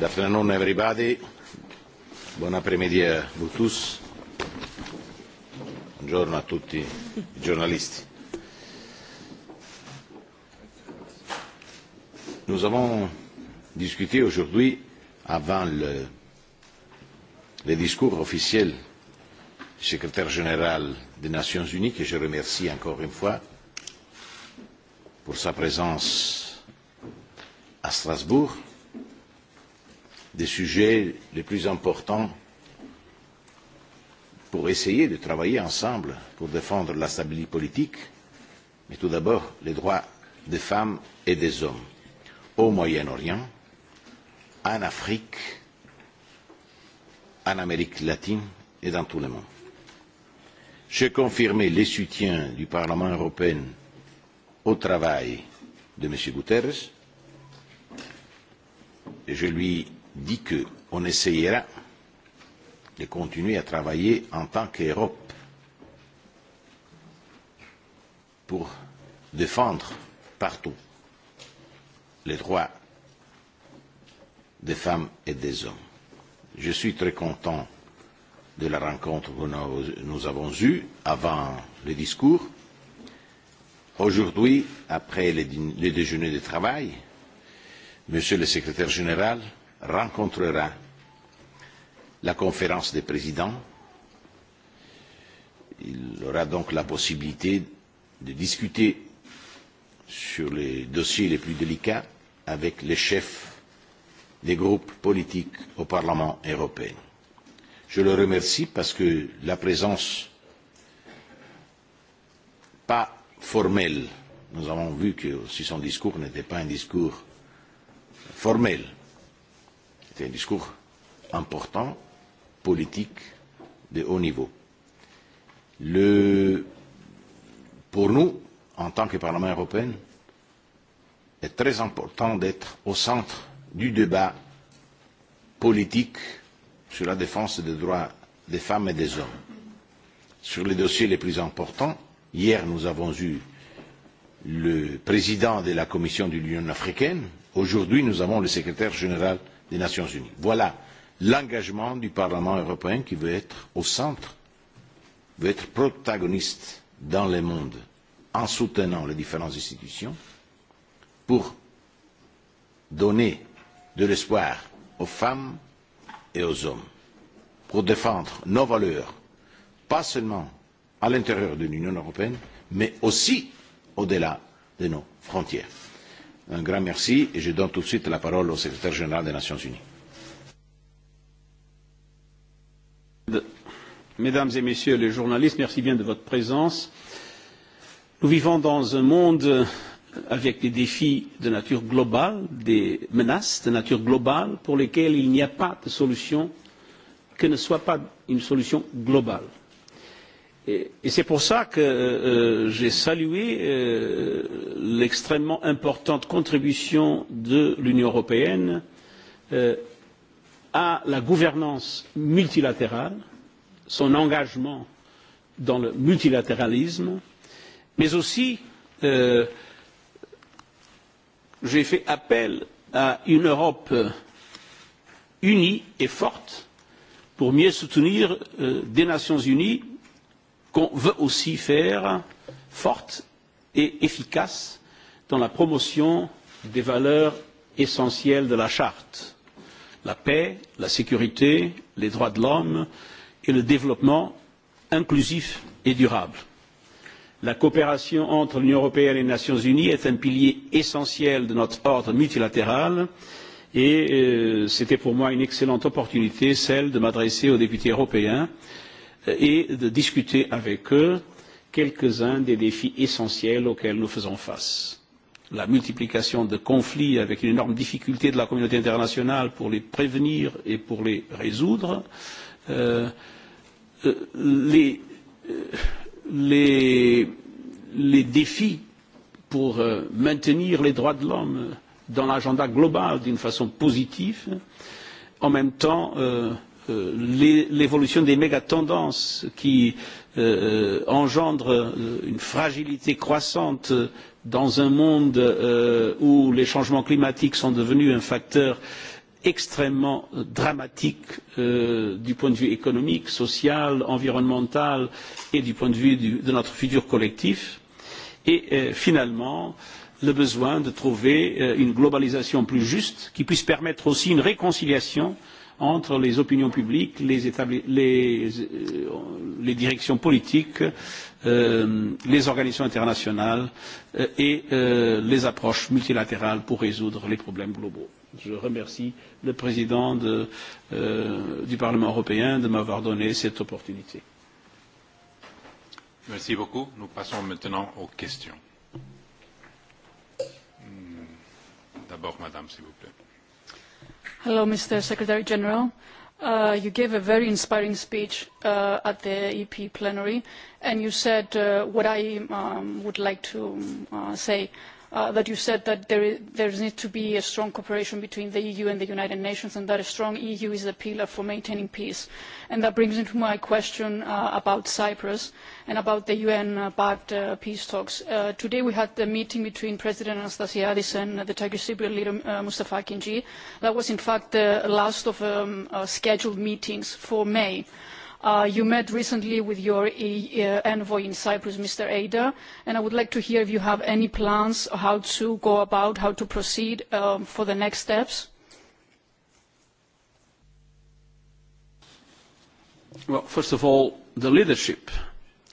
Good afternoon, everybody. Buon après-midi à vous tous. Buongiorno a tutti i giornalisti. Nous avons discuté aujourd'hui, avant le, le discours officiel du secrétaire général des Nations Unies, que je remercie encore une fois pour sa présence à Strasbourg, des sujets les plus importants pour essayer de travailler ensemble pour défendre la stabilité politique, mais tout d'abord les droits des femmes et des hommes au Moyen-Orient, en Afrique, en Amérique latine et dans tout le monde. J'ai confirmé les soutiens du Parlement européen au travail de M. Guterres et je lui dit qu'on essayera de continuer à travailler en tant qu'Europe pour défendre partout les droits des femmes et des hommes. Je suis très content de la rencontre que nous avons eue avant le discours. Aujourd'hui, après le déjeuner de travail, Monsieur le Secrétaire général, rencontrera la conférence des présidents. Il aura donc la possibilité de discuter sur les dossiers les plus délicats avec les chefs des groupes politiques au Parlement européen. Je le remercie parce que la présence pas formelle, nous avons vu que aussi son discours n'était pas un discours formel, C'était un discours important, politique, de haut niveau. Le, pour nous, en tant que Parlement européen, il est très important d'être au centre du débat politique sur la défense des droits des femmes et des hommes. Sur les dossiers les plus importants, hier nous avons eu le président de la Commission de l'Union africaine, aujourd'hui nous avons le secrétaire général des Nations unies. Voilà l'engagement du Parlement européen qui veut être au centre, veut être protagoniste dans le monde en soutenant les différentes institutions pour donner de l'espoir aux femmes et aux hommes, pour défendre nos valeurs, pas seulement à l'intérieur de l'Union européenne, mais aussi au delà de nos frontières. Un grand merci et je donne tout de suite la parole au secrétaire général des Nations Unies. Mesdames et Messieurs les journalistes, merci bien de votre présence. Nous vivons dans un monde avec des défis de nature globale, des menaces de nature globale pour lesquelles il n'y a pas de solution que ne soit pas une solution globale. Et, et c'est pour ça que euh, euh, j'ai salué euh, l'extrêmement importante contribution de l'Union européenne euh, à la gouvernance multilatérale, son engagement dans le multilatéralisme, mais aussi euh, j'ai fait appel à une Europe euh, unie et forte pour mieux soutenir euh, des Nations unies qu'on veut aussi faire forte et efficace dans la promotion des valeurs essentielles de la charte la paix, la sécurité, les droits de l'homme et le développement inclusif et durable. La coopération entre l'Union européenne et les Nations unies est un pilier essentiel de notre ordre multilatéral et euh, c'était pour moi une excellente opportunité, celle de m'adresser aux députés européens et de discuter avec eux quelques-uns des défis essentiels auxquels nous faisons face. La multiplication de conflits avec une énorme difficulté de la communauté internationale pour les prévenir et pour les résoudre. Euh, euh les, euh, les, les défis pour euh, maintenir les droits de l'homme dans l'agenda global d'une façon positive, en même temps euh, Euh, l'évolution des méga tendances qui euh, engendre euh, une fragilité croissante dans un monde euh, où les changements climatiques sont devenus un facteur extrêmement dramatique euh, du point de vue économique, social, environnemental et du point de vue du, de notre futur collectif et euh, finalement le besoin de trouver euh, une globalisation plus juste qui puisse permettre aussi une réconciliation euh, entre les opinions publiques, les, établi- les, euh, les directions politiques, euh, les organisations internationales euh, et euh, les approches multilatérales pour résoudre les problèmes globaux. Je remercie le président de, euh, du Parlement européen de m'avoir donné cette opportunité. Merci beaucoup. Nous passons maintenant aux questions. Hmm. D'abord, Madame, s'il vous plaît. Hello, Mr. Secretary General. Uh, you gave a very inspiring speech uh, at the EP plenary, and you said uh, what I um, would like to um, uh, say uh, that you said that there, is, there needs to be a strong cooperation between the EU and the United Nations and that a strong EU is a pillar for maintaining peace. And that brings me to my question uh, about Cyprus and about the UN-backed uh, peace talks. Uh, today we had the meeting between President Anastasiadis and the Turkish Cypriot leader uh, Mustafa Kinji. That was in fact the last of um, uh, scheduled meetings for May. Uh, you met recently with your e- e- envoy in Cyprus, Mr. Ada, and I would like to hear if you have any plans how to go about, how to proceed um, for the next steps. Well, first of all, the leadership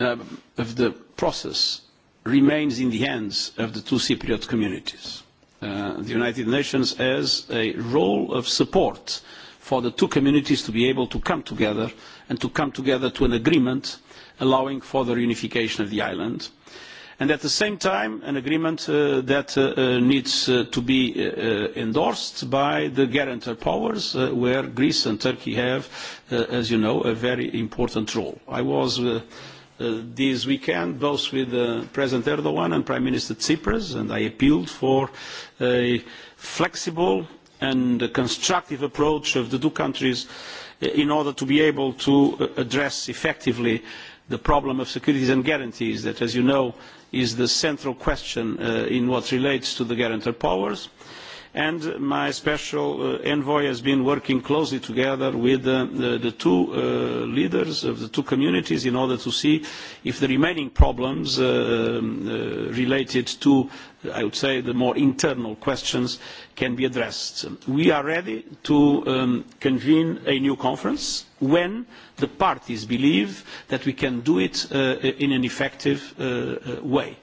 uh, of the process remains in the hands of the two Cypriot communities. Uh, the United Nations has a role of support for the two communities to be able to come together and to come together to an agreement allowing for the reunification of the island. At the same time, an agreement uh, that uh, uh needs uh, to be uh, uh, endorsed by the guarantor powers, uh, where Greece and Turkey have, uh, as you know, a very important role. I was uh, uh, this weekend both with uh, President Erdogan and Prime Minister Tsipras, and I appealed for a flexible and constructive approach of the two countries in order to be able to uh, address effectively the problem of securities and guarantees that as you know is the central question uh, in what relates to the guarantor powers and my special uh, envoy has been working closely together with the, uh, the, the two uh, leaders of the two communities in order to see if the remaining problems uh, um, uh, related to, I would say, the more internal questions can be addressed. We are ready to um, convene a new conference when the parties believe that we can do it uh, in an effective uh, uh way.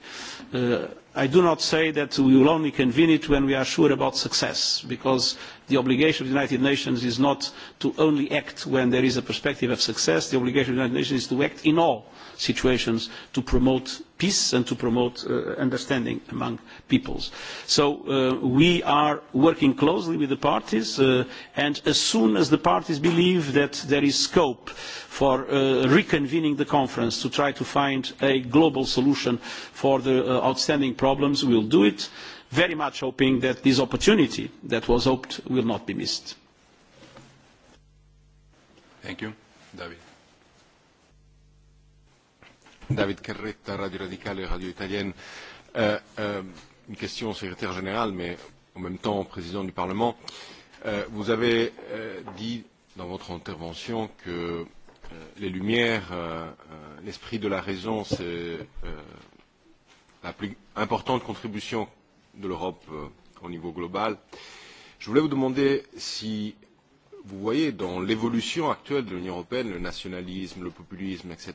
Uh, i do not say that we will only convene it when we are sure about success because the obligation of the united nations is not to only act when there is a perspective of success the obligation of the united nations is to act in all situations to promote peace and to promote uh, understanding among peoples. so uh, we are working closely with the parties uh, and as soon as the parties believe that there is scope for reconvening the conference to try to find a global solution for the outstanding problems, we will do it, very much hoping that this opportunity that was hoped will not be missed. Thank you. David. David Carretta, Radio Radicale, Radio Italienne. Euh, euh, une question au secrétaire général, mais en même temps au président du Parlement. Euh, vous avez euh, dit dans votre intervention que euh, les lumières, euh, euh, l'esprit de la raison, c'est euh, la plus importante contribution de l'Europe euh, au niveau global. Je voulais vous demander si vous voyez dans l'évolution actuelle de l'Union européenne, le nationalisme, le populisme, etc.,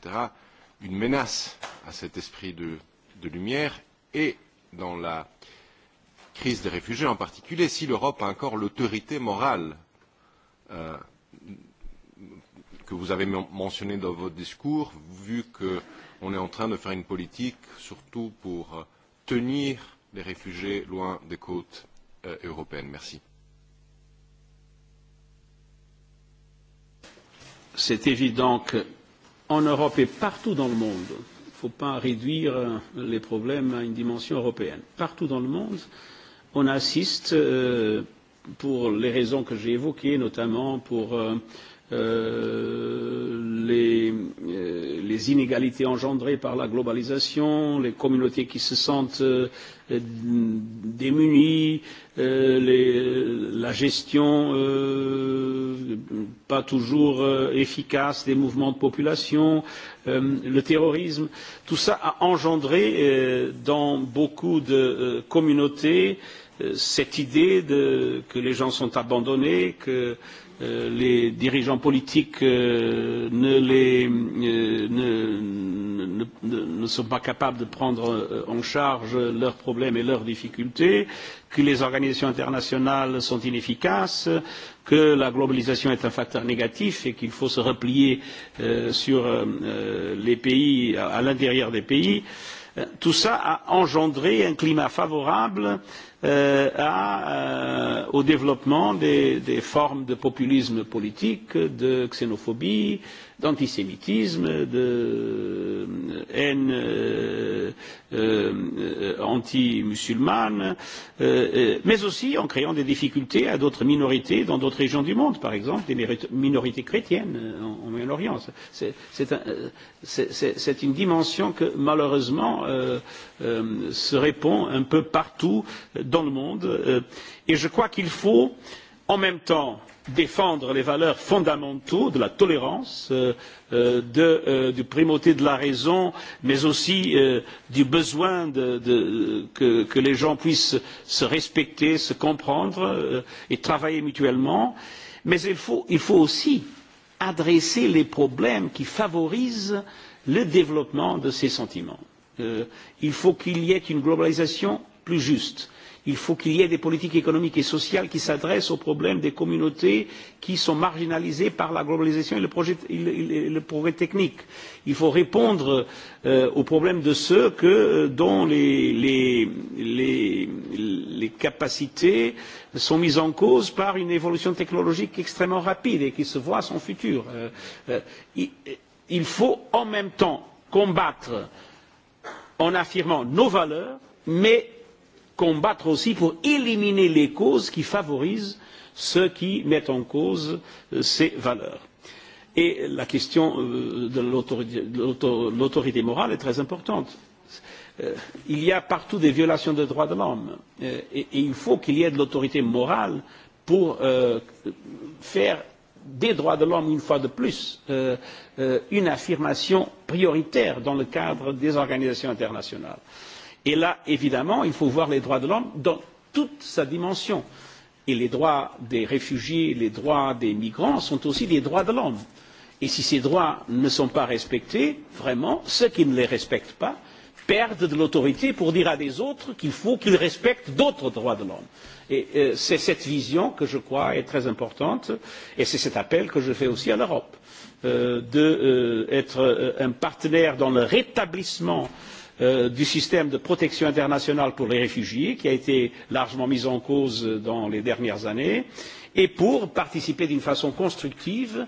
une menace à cet esprit de, de lumière et dans la crise des réfugiés en particulier, si l'Europe a encore l'autorité morale euh, que vous avez mentionnée dans votre discours, vu que on est en train de faire une politique surtout pour euh, tenir les réfugiés loin des côtes euh, européennes. Merci. C'est évident qu'en Europe et partout dans le monde, il ne faut pas réduire euh, les problèmes à une dimension européenne. Partout dans le monde, on assiste, euh, pour les raisons que j'ai évoquées, notamment pour euh, euh, les, euh, les inégalités engendrées par la globalisation, les communautés qui se sentent euh, démunies, euh, les, la gestion euh, pas toujours euh, efficace des mouvements de population, Euh, le terrorisme tout cela a engendré euh, dans beaucoup de euh, communautés cette idée de, que les gens sont abandonnés, que les dirigeants politiques ne, les, ne, ne, ne, ne sont pas capables de prendre en charge leurs problèmes et leurs difficultés, que les organisations internationales sont inefficaces, que la globalisation est un facteur négatif et qu'il faut se replier euh, sur euh, euh les pays, à, à l'intérieur des pays. Euh, tout ça a engendré un climat favorable euh, Euh, euh, au développement des, des formes de populisme politique, de xénophobie, d'antisémitisme, de euh, haine euh, euh, anti-musulmane, euh, mais aussi en créant des difficultés à d'autres minorités dans d'autres régions du monde, par exemple des minorités chrétiennes en, en Moyen-Orient. C'est un, une dimension que malheureusement euh, euh, se répond un peu partout dans le monde euh, et je crois qu'il faut en même temps défendre les valeurs fondamentales de la tolérance euh, euh, de la primauté de la raison mais aussi du besoin de, de, que, que les gens puissent se respecter se comprendre et travailler mutuellement mais il faut, il faut aussi adresser les problèmes qui favorisent le développement de ces sentiments. Euh, il faut qu'il y ait une globalisation plus juste il faut qu'il y ait des politiques économiques et sociales qui s'adressent aux problèmes des communautés qui sont marginalisées par la globalisation et le, projet, et le, et le progrès technique. Il faut répondre euh, aux problèmes de ceux que, euh, dont les, les, les, les capacités sont mises en cause par une évolution technologique extrêmement rapide et qui se voit à son futur. Euh, euh, il faut en même temps combattre en affirmant nos valeurs, mais combattre aussi pour éliminer les causes qui favorisent ceux qui mettent en cause euh, ces valeurs. Et la question euh, de l'autorité morale est très importante. Euh, il y a partout des violations des droits de l'homme et il faut qu'il y ait de l'autorité morale pour faire des droits de l'homme, une fois de plus, une affirmation prioritaire dans le cadre des organisations internationales et là évidemment il faut voir les droits de l'homme dans toute sa dimension et les droits des réfugiés les droits des migrants sont aussi des droits de l'homme et si ces droits ne sont pas respectés vraiment ceux qui ne les respectent pas perdent de l'autorité pour dire à des autres qu'il faut qu'ils respectent d'autres droits de l'homme. Et euh, c'est cette vision que je crois est très importante et c'est cet appel que je fais aussi à l'Europe euh, d'être euh, euh, un partenaire dans le rétablissement euh, Euh, du système de protection internationale pour les réfugiés qui a été largement mis en cause euh, dans les dernières années et pour participer d'une façon constructive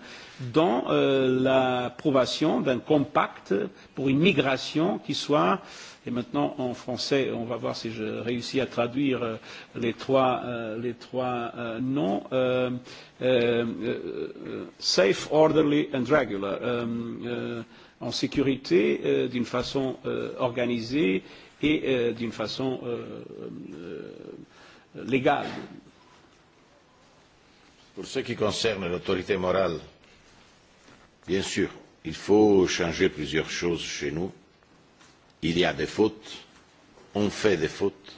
dans euh, l'approbation d'un compact pour une migration qui soit et maintenant en français on va voir si je réussis à traduire euh, les trois, euh, les trois euh, noms euh, euh, euh, safe, orderly and regular euh, euh, en sécurité euh, d'une façon euh, organisée et euh, d'une façon euh, euh, légale. Pour ce qui concerne l'autorité morale, bien sûr, il faut changer plusieurs choses chez nous. Il y a des fautes, on fait des fautes,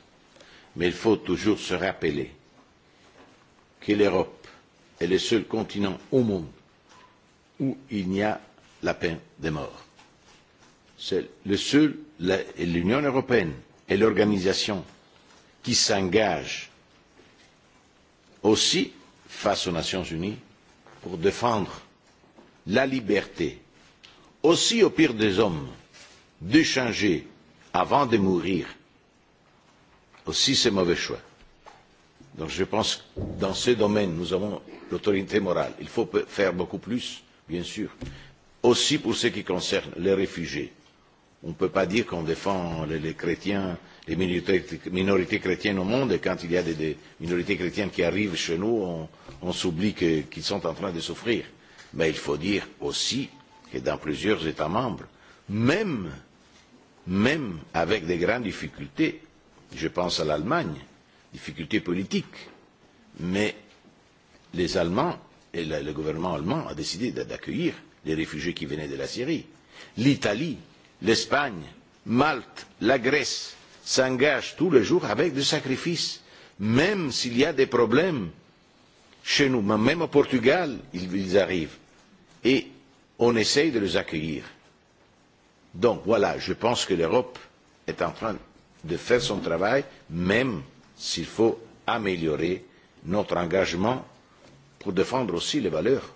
mais il faut toujours se rappeler que l'Europe est le seul continent au monde où il n'y a la peine de mort. C'est le seul, l'Union européenne et l'organisation qui s'engagent aussi face aux Nations unies pour défendre la liberté, aussi au pire des hommes, de changer avant de mourir, aussi ces mauvais choix. Donc je pense que dans ce domaine, nous avons l'autorité morale. Il faut faire beaucoup plus, bien sûr, aussi pour ce qui concerne les réfugiés. On ne peut pas dire qu'on défend les, les chrétiens, les minorités, minorités chrétiennes au monde, et quand il y a des, des minorités chrétiennes qui arrivent chez nous, on, on s'oublie qu'ils qu sont en train de souffrir. Mais il faut dire aussi que dans plusieurs États membres, même, même avec des grandes difficultés, je pense à l'Allemagne, difficultés politiques, mais les Allemands et le gouvernement allemand a décidé d'accueillir les réfugiés qui venaient de la Syrie. L'Italie, l'Espagne, Malte, la Grèce s'engagent tous les jours avec des sacrifices, même s'il y a des problèmes chez nous, même au Portugal, ils arrivent et on essaye de les accueillir. Donc voilà, je pense que l'Europe est en train de faire son travail, même s'il faut améliorer notre engagement pour défendre aussi les valeurs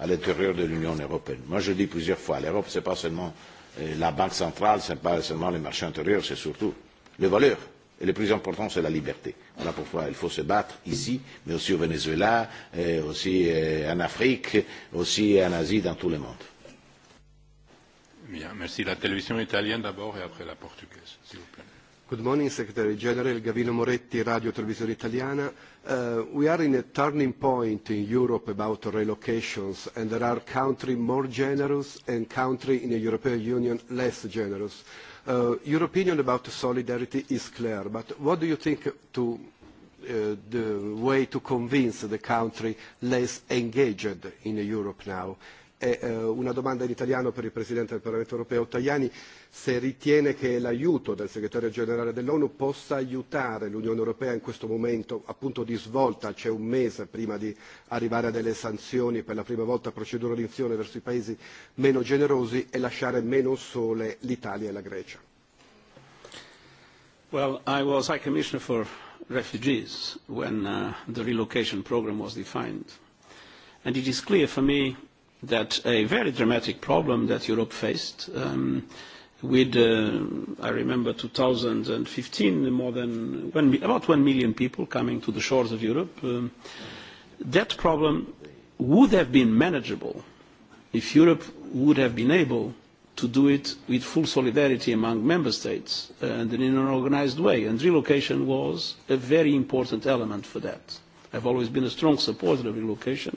à l'intérieur de l'Union européenne. Moi, je dis plusieurs fois, l'Europe, ce n'est pas seulement euh, la banque centrale, ce n'est pas seulement les marchés intérieurs, c'est surtout les valeurs. Et le plus important, c'est la liberté. Voilà pourquoi il faut se battre ici, mais aussi au Venezuela, et euh, aussi euh, en Afrique, aussi en Asie, dans tout le monde. Bien, merci. La télévision italienne d'abord et après la portugaise, s'il vous plaît. Good morning, Secretary General Gavino Moretti, Radio Televisione Italiana. Uh, we are in a turning point in Europe about relocations, and there are countries more generous and countries in the European Union less generous. Uh, your opinion about solidarity is clear, but what do you think to uh, the way to convince the country less engaged in Europe now? È eh, una domanda in italiano per il Presidente del Parlamento europeo Tajani se ritiene che l'aiuto del Segretario Generale dell'ONU possa aiutare l'Unione Europea in questo momento appunto di svolta, c'è cioè un mese prima di arrivare a delle sanzioni per la prima volta procedura d'inzione verso i paesi meno generosi e lasciare meno sole l'Italia e la Grecia. Well, I was High Commissioner for Refugees when uh, the relocation program was defined. And it is clear for me that a very dramatic problem that Europe faced um, with, uh, I remember, 2015, more than one, about 1 million people coming to the shores of Europe, um, that problem would have been manageable if Europe would have been able to do it with full solidarity among member states uh, and in an organized way. And relocation was a very important element for that. I've always been a strong supporter of relocation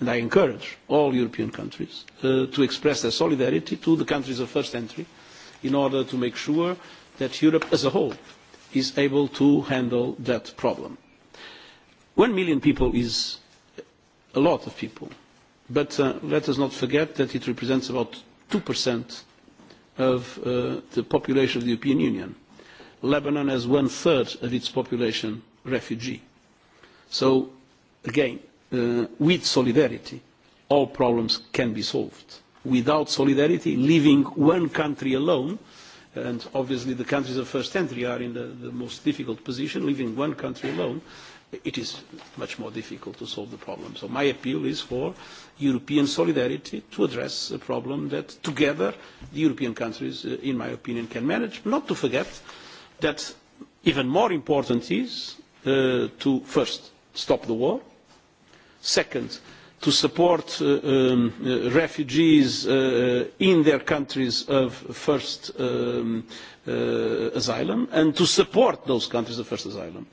and I encourage all European countries uh, to express their solidarity to the countries of first entry in order to make sure that Europe as a whole is able to handle that problem. One million people is a lot of people, but uh, let us not forget that it represents about 2% of uh, the population of the European Union. Lebanon has one-third of its population refugee. So, again, uh, with solidarity, all problems can be solved. Without solidarity, leaving one country alone, and obviously the countries of first entry are in the, the most difficult position, leaving one country alone, it is much more difficult to solve the problem. So my appeal is for European solidarity to address a problem that together the European countries, uh, in my opinion, can manage. Not to forget that even more important is uh, to first stop the war, uh, second to support uh, um, uh, refugees uh, in their countries of first um, asylum and to support those countries of first asylum.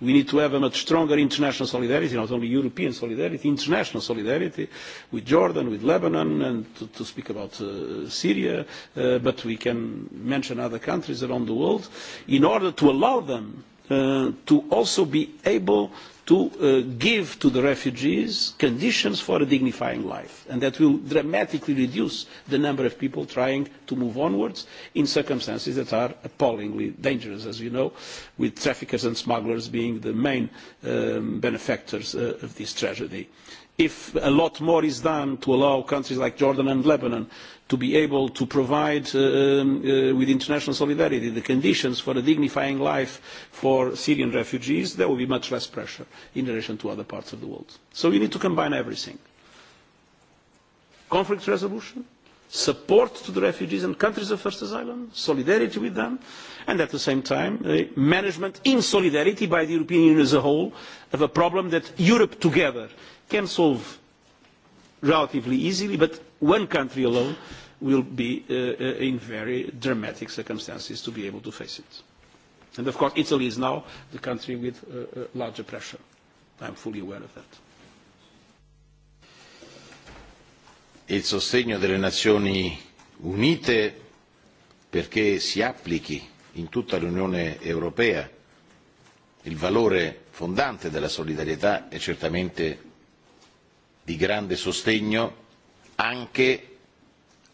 We need to have a much stronger international solidarity, not only European solidarity, international solidarity with Jordan, with Lebanon, and to, to speak about uh, Syria, uh, but we can mention other countries around the world, in order to allow them uh, to also be able to uh, give to the refugees conditions for a dignifying life. And that will dramatically reduce the number of people trying to move onwards in circumstances that are appallingly dangerous, as you know, with traffickers and smugglers being the main um, benefactors uh, of this tragedy if a lot more is done to allow countries like Jordan and Lebanon to be able to provide uh, um, uh, with international solidarity the conditions for a dignifying life for Syrian refugees, there will be much less pressure in relation to other parts of the world. So we need to combine everything. Conflict resolution, support to the refugees and countries of first asylum, solidarity with them, and at the same time, a management in solidarity by the European Union as a whole of a problem that Europe together can solve relatively easily, but one country alone will be uh, uh in very dramatic circumstances to be able to face it. And of course, Italy is now the country with uh, uh larger pressure. I'm fully aware of that. e il sostegno delle nazioni unite perché si applichi in tutta l'unione europea il valore fondante della solidarietà è certamente di grande sostegno anche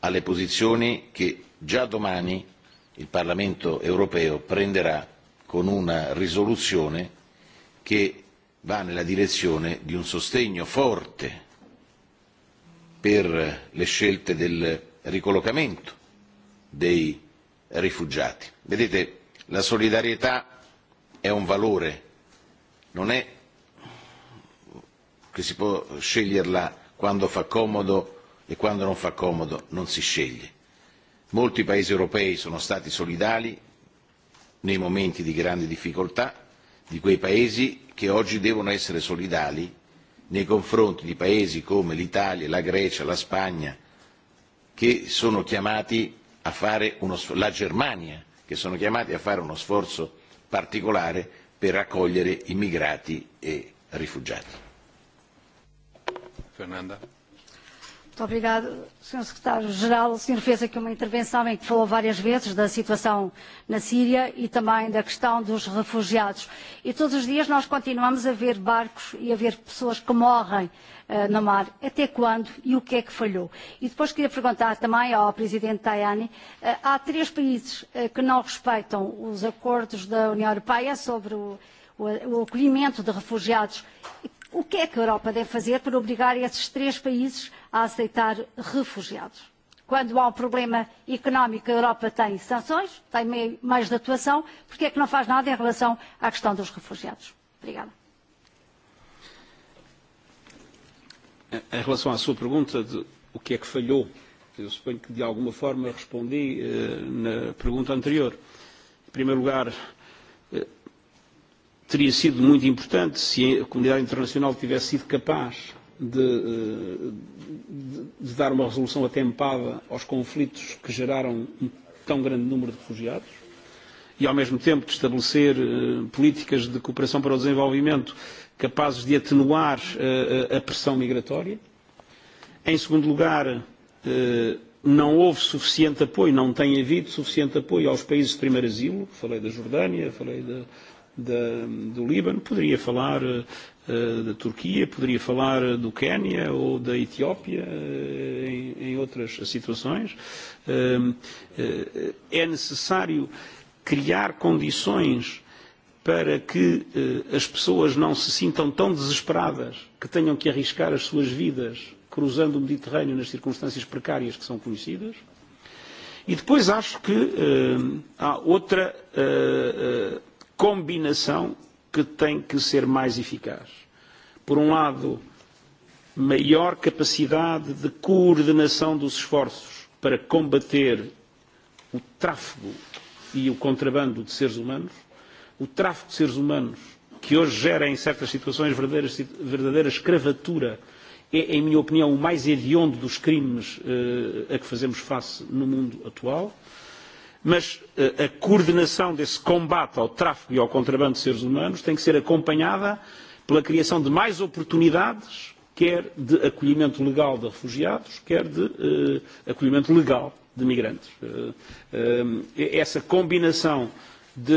alle posizioni che già domani il parlamento europeo prenderà con una risoluzione che va nella direzione di un sostegno forte per le scelte del ricollocamento dei rifugiati. Vedete, la solidarietà è un valore, non è che si può sceglierla quando fa comodo e quando non fa comodo non si sceglie. Molti paesi europei sono stati solidali nei momenti di grande difficoltà di quei paesi che oggi devono essere solidali nei confronti di paesi come l'Italia, la Grecia, la Spagna, che sono chiamati a fare uno, la Germania, che sono chiamati a fare uno sforzo particolare per accogliere immigrati e rifugiati. Fernanda. Muito obrigado, Sr. Secretário-Geral. O senhor fez aqui uma intervenção em que falou várias vezes da situação na Síria e também da questão dos refugiados. E todos os dias nós continuamos a ver barcos e a ver pessoas que morrem uh, no mar. Até quando e o que é que falhou? E depois queria perguntar também ao Presidente Tajani. Uh, há três países uh, que não respeitam os acordos da União Europeia sobre o, o, o acolhimento de refugiados. E O que é que a Europa deve fazer para obrigar esses três países a aceitar refugiados? Quando há um problema económico, a Europa tem sanções, tem mais de atuação, porque é que não faz nada em relação à questão dos refugiados? Obrigada. Em relação à sua pergunta de o que é que falhou, eu suponho que de alguma forma respondi eh, na pergunta anterior. Em primeiro lugar, teria sido muito importante se a comunidade internacional tivesse sido capaz de, eh, de, de dar uma resolução atempada aos conflitos que geraram um tão grande número de refugiados e, ao mesmo tempo, de estabelecer eh, políticas de cooperação para o desenvolvimento capazes de atenuar a, eh, a pressão migratória. Em segundo lugar, não houve suficiente apoio, não tem havido suficiente apoio aos países de primeiro asilo. Falei da Jordânia, falei da. De da, do Líbano, poderia falar uh, da Turquia, poderia falar eh, do Quénia ou da Etiópia uh, em, em outras situações. Uh, uh, é necessário criar condições para que uh, as pessoas não se sintam tão desesperadas que tenham que arriscar as suas vidas cruzando o Mediterrâneo nas circunstâncias precárias que são conhecidas. E depois acho que uh, há outra. Uh, uh, combinação que tem que ser mais eficaz. Por um lado, maior capacidade de coordenação dos esforços para combater o tráfego e o contrabando de seres humanos, o tráfego de seres humanos, que hoje gera em certas situações verdadeira, verdadeira escravatura, é, em minha opinião, o mais hediondo dos crimes eh, a que fazemos face no mundo atual mas eh, a coordenação desse combate ao tráfico e ao contrabando de seres humanos tem que ser acompanhada pela criação de mais oportunidades, quer de acolhimento legal de refugiados, quer de uh, acolhimento legal de migrantes. Uh, uh, essa combinação de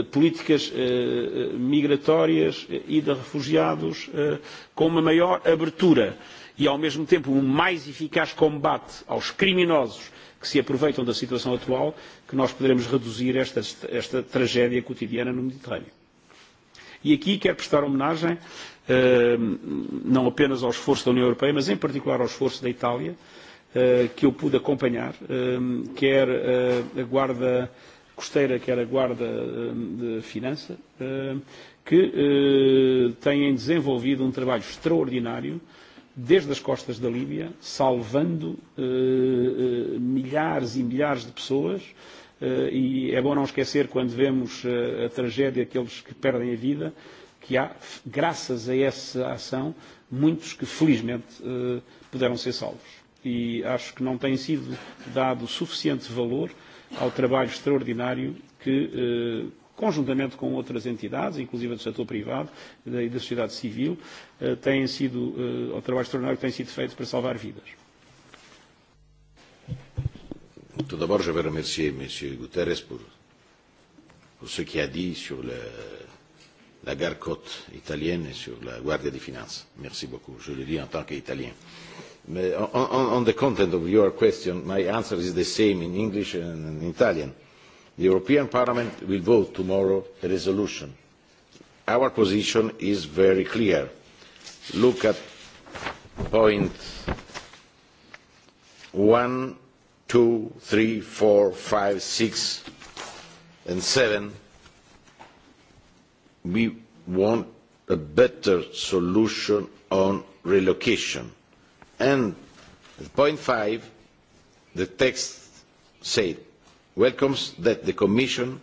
uh, políticas uh, migratórias e de refugiados uh, com uma maior abertura e, ao mesmo tempo, um mais eficaz combate aos criminosos que se aproveitam da situação atual, que nós poderemos reduzir esta, esta tragédia cotidiana no Mediterrâneo. E aqui quero prestar homenagem eh, não apenas ao esforço da União Europeia, mas em particular ao esforço da Itália, eh, que eu pude acompanhar, eh, quer a Guarda Costeira, quer a Guarda de Finança, que têm desenvolvido um trabalho extraordinário desde as costas da Líbia, salvando eh, eh, milhares e milhares de pessoas. Eh, e é bom não esquecer, quando vemos eh, a tragédia daqueles que perdem a vida, que há, graças a essa ação, muitos que felizmente eh, puderam ser salvos. E acho que não tem sido dado suficiente valor ao trabalho extraordinário que. Eh, conjuntamente com outras entidades, inclusive do setor privado e da e sociedade civil, eh, têm sido, eh, o trabalho extraordinário que tem sido feito para salvar vidas. Muito da Borja, vou agradecer, Sr. Guterres, por, por o que ha dit sur le, la garcote italienne e sur la Guardia de Finanza. Merci beaucoup, je le dis en tant qu'italien. On, on, on the content of your question, my answer is the same in English and in Italian the european parliament will vote tomorrow on a resolution. our position is very clear. look at point one two three four five six and seven we want a better solution on relocation and point five the text says welcomes that the commission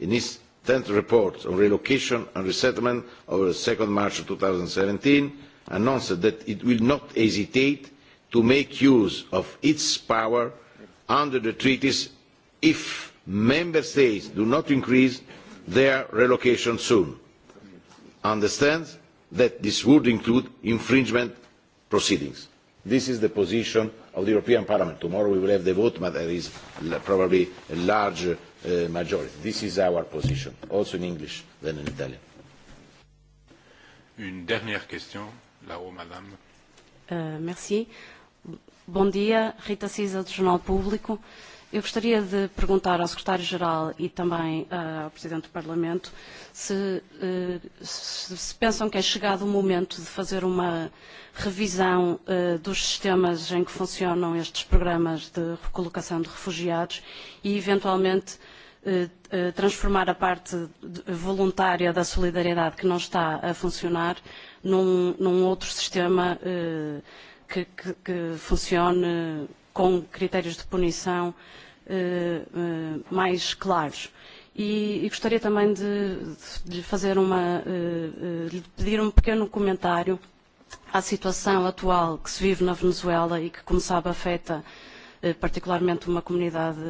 in its tenth report on relocation and resettlement of two march two thousand and seventeen announced that it will not hesitate to make use of its power under the treaties if member states do not increase their relocation soon. understand that this would include infringement proceedings. this is the position of the European Parliament. Tomorrow we will have the vote, but there is probably a large uh, majority. This is our position, also in English than in Italian. Une dernière question, là-haut, madame. Uh, merci. Bon dia, Rita Cisa, do Jornal Público. Uh, Eu gostaria de perguntar ao Secretário-Geral e também uh, ao Presidente do Parlamento se, uh, eh, se, se pensam que é chegado o momento de fazer uma revisão uh, dos sistemas em que funcionam estes programas de recolocação de refugiados e, eventualmente, uh, uh, transformar a parte voluntária da solidariedade que não está a funcionar num, num outro sistema uh, que, que, que funcione. Uh, com critérios de punição eh, eh, mais claros. E, e gostaria também de, de, fazer uma, de eh, pedir um pequeno comentário à situação atual que se vive na Venezuela e que, como sabe, afeta particularmente uma comunidade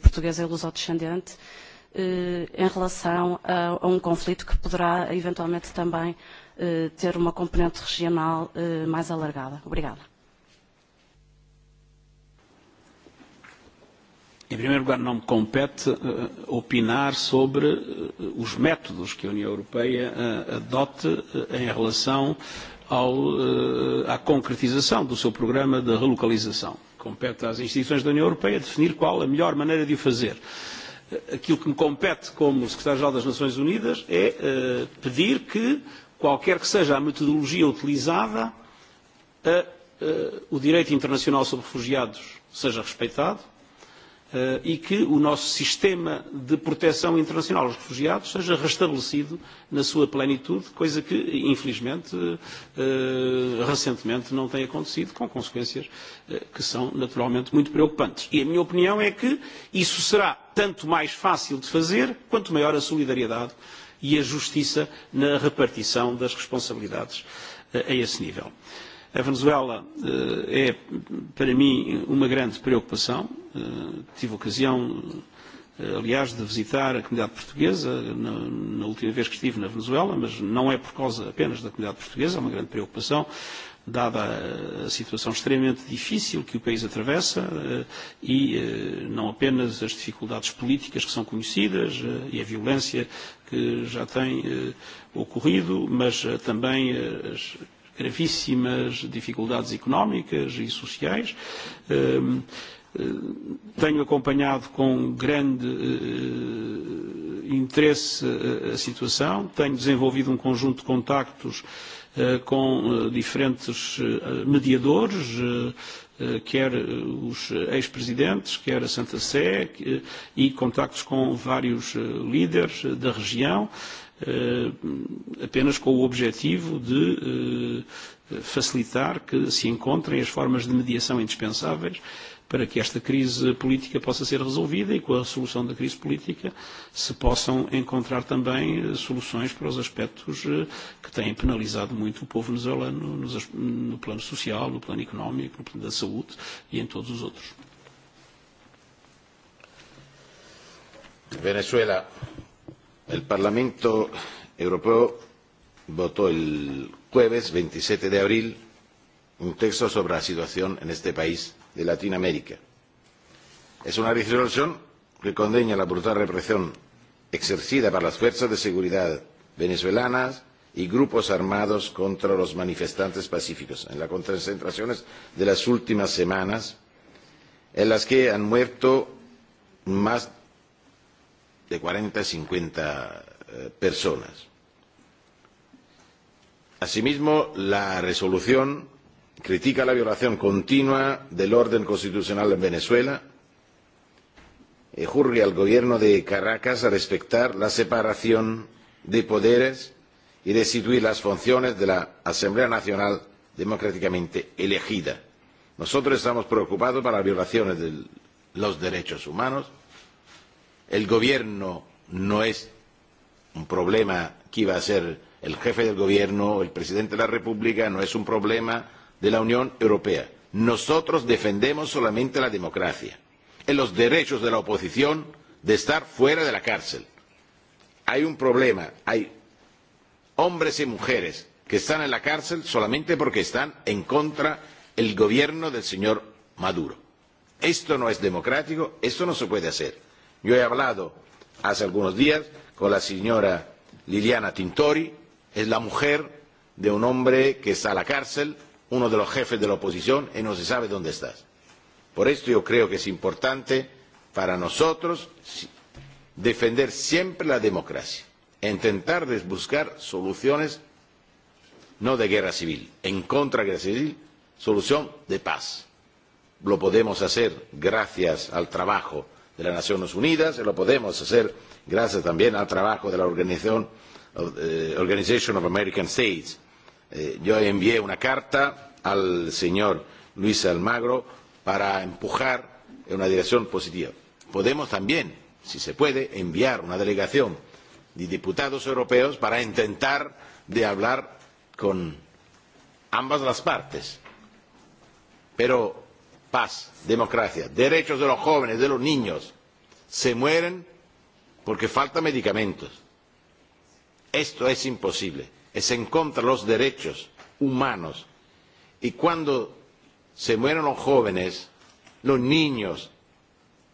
portuguesa ilusodescendente e em relação a, a um conflito que poderá eventualmente também ter uma componente regional mais alargada. Obrigada. Em primeiro lugar, não me compete uh, opinar sobre uh, os métodos que a União Europeia uh, adote uh, em relação ao, uh, à concretização do seu programa de relocalização. Compete às instituições da União Europeia definir qual a melhor maneira de o fazer. Uh, aquilo que me compete como Secretário-Geral das Nações Unidas é uh, pedir que, qualquer que seja a metodologia utilizada, uh, uh, o direito internacional sobre refugiados seja respeitado. Eh, e que o nosso sistema de proteção internacional aos refugiados seja restabelecido na sua plenitude, coisa que, infelizmente, eh, recentemente não tem acontecido, com consequências eh, que são naturalmente muito preocupantes. E a minha opinião é que isso será tanto mais fácil de fazer quanto maior a solidariedade e a justiça na repartição das responsabilidades a esse nível. A Venezuela eh, é, para mim, uma grande preocupação. Eh, tive ocasião, eh, aliás, de visitar a comunidade portuguesa na última vez que estive na Venezuela, mas não é por causa apenas da comunidade portuguesa, é uma grande preocupação, dada a situação extremamente difícil que o país atravessa e não apenas as dificuldades políticas que são conhecidas e a violência que já tem ocorrido, mas também as gravíssimas dificuldades económicas e sociais. Tenho acompanhado com grande interesse a situação, tenho desenvolvido um conjunto de contactos com diferentes mediadores, quer os ex-presidentes, quer a Santa Sé, e contactos com vários líderes da região, Eh, apenas com o objetivo de eh, facilitar que se encontrem as formas de mediação indispensáveis para que esta crise política possa ser resolvida e com a solução da crise política se possam encontrar também eh, soluções para os aspectos que têm penalizado muito o povo venezuelano no, no plano social, no plano económico, no plano da saúde e em todos os outros. Venezuela, El Parlamento Europeo votó el jueves 27 de abril un texto sobre la situación en este país de Latinoamérica. Es una resolución que condena la brutal represión ejercida por las fuerzas de seguridad venezolanas y grupos armados contra los manifestantes pacíficos en las concentraciones de las últimas semanas en las que han muerto más de 40 a 50 eh, personas. Asimismo, la resolución critica la violación continua del orden constitucional en Venezuela y eh, juzgue al gobierno de Caracas a respetar la separación de poderes y restituir las funciones de la Asamblea Nacional democráticamente elegida. Nosotros estamos preocupados por las violaciones de los derechos humanos el gobierno no es un problema que iba a ser el jefe del gobierno, el presidente de la República, no es un problema de la Unión Europea. Nosotros defendemos solamente la democracia, en los derechos de la oposición de estar fuera de la cárcel. Hay un problema, hay hombres y mujeres que están en la cárcel solamente porque están en contra del gobierno del señor Maduro. Esto no es democrático, esto no se puede hacer. Yo he hablado hace algunos días con la señora Liliana Tintori, es la mujer de un hombre que está a la cárcel, uno de los jefes de la oposición, y no se sabe dónde está. Por esto yo creo que es importante para nosotros defender siempre la democracia, intentar buscar soluciones no de guerra civil, en contra de guerra civil, solución de paz. Lo podemos hacer gracias al trabajo de las Naciones Unidas, lo podemos hacer gracias también al trabajo de la Organización of, eh, Organization of American States. Eh, yo envié una carta al señor Luis Almagro para empujar en una dirección positiva. Podemos también, si se puede, enviar una delegación de diputados europeos para intentar de hablar con ambas las partes. Pero paz, democracia, derechos de los jóvenes, de los niños, se mueren porque faltan medicamentos. Esto es imposible. Es en contra de los derechos humanos. Y cuando se mueren los jóvenes, los niños,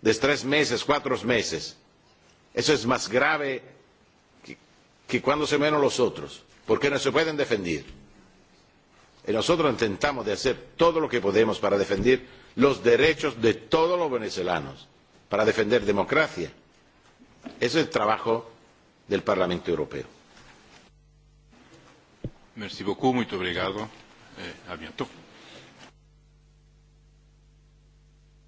de tres meses, cuatro meses, eso es más grave que, que cuando se mueren los otros, porque no se pueden defender. Y nosotros intentamos de hacer todo lo que podemos para defender los derechos de todos los venezolanos para defender la democracia. Ese es el trabajo del Parlamento Europeo. Merci beaucoup, muito obrigado. Eh, a bientôt.